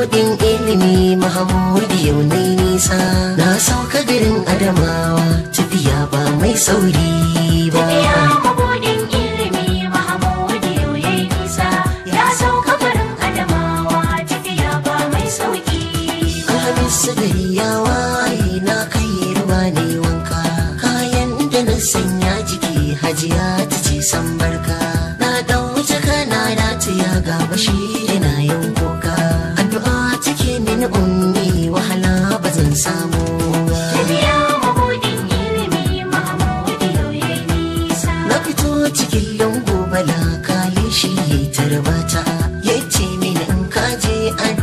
mabuɗin ilimi Muhammadu yau mai nisa na sauka garin Adamawa tafiya ba mai sauri ba.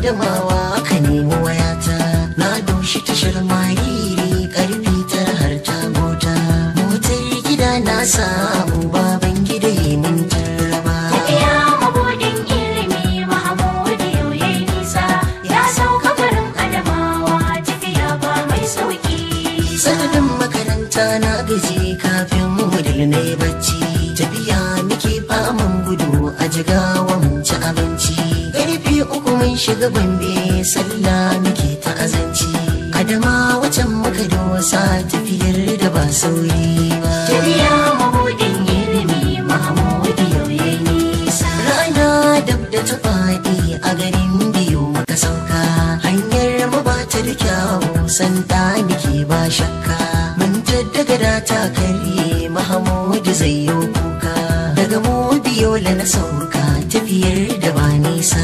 yamawa aka nemi wayata na doshi tashar mariri karfi tara har mota. gota motar gida na samu baban gida yi min jarraba tafiya mabudin ilimi mahamudu ya yi nisa ya sauka garin adamawa tafiya ba mai sauki sanadin makaranta na gaji kafin mu na bacci tafiya muke faman gudu a jigawa mun shiga gombe sallah muke ta azanci adama wacan muka dosa tafiyar da ba sauri ba jariya mabudin ilimi mahamudi yauye nisa rana dab da ta faɗi a garin biyu muka sauka hanyar mu ba ta da kyawu nake ba shakka mun jaddagara ta karye mahamudi zai yi kuka daga mu biyo la na sauka tafiyar da ba nisa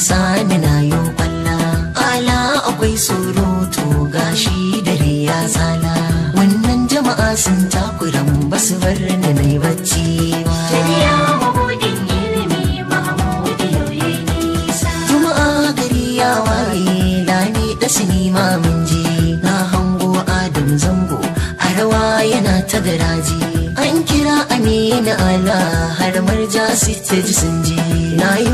sani na yin kwalla ala akwai surutu gashi dare ya tsala wannan jama'a sun takuran basu bar ni na yi bacci ba sinima mun je na hango adam zango a rawa yana ta garaji an kira amina ala har marja su ta ji sun je na yi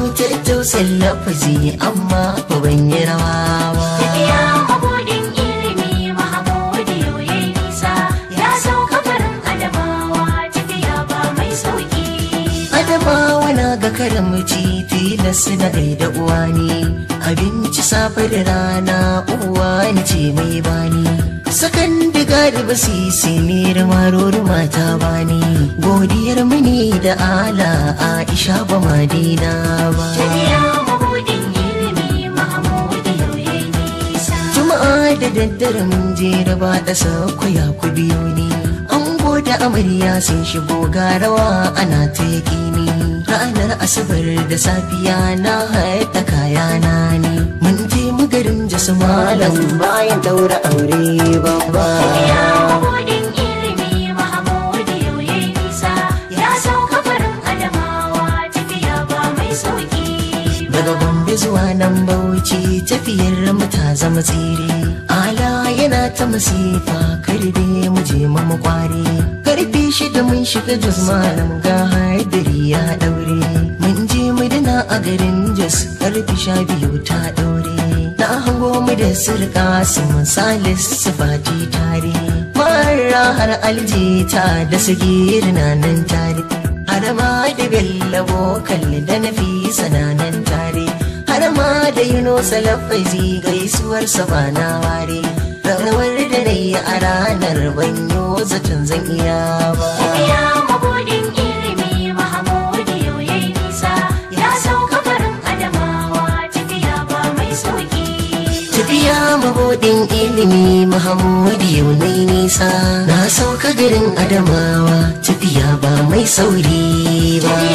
tushen lafazi amma ba ban yi rawa ba. Tafiya mabuɗin ilimi mahabodi yayi nisa ya sauka barin adamawa tafiya ba mai sauki. Adamawa na ga karamci tilas na gaida uwani abinci safe da rana uwa ni ce mai bani. sakan da Basi ba da mata bani godiyar mu ne da ala aisha ba madina ba juma'a da daddare mun je raba da ya ku biyu ne an da amarya sun shigo garawa ana ta ne. ranar asabar da safiya na haɗa kayana ne su malam bayan daura aure babba Daga Gombe zuwa nan Bauchi tafiyar mu ta zama tsere. Ala yana ta masifa karbe mu je mu kware. Karfe shida mun shiga jos malam ga haidari ya daure. Mun je mu dina a garin Jos karfe sha biyu ta daure. hango mu da surka su salis su tare mara har aljita da sigiri na nan tare har ma da bellabo kalli da na fi sananan tare har ma da yuno salafazi gaisuwar sabana ware rawar da na yi a ranar banyo zaton zan iya ba mabudin ilimi mahamudu yau nai nisa na sauka garin adamawa tafiya ba mai sauri ba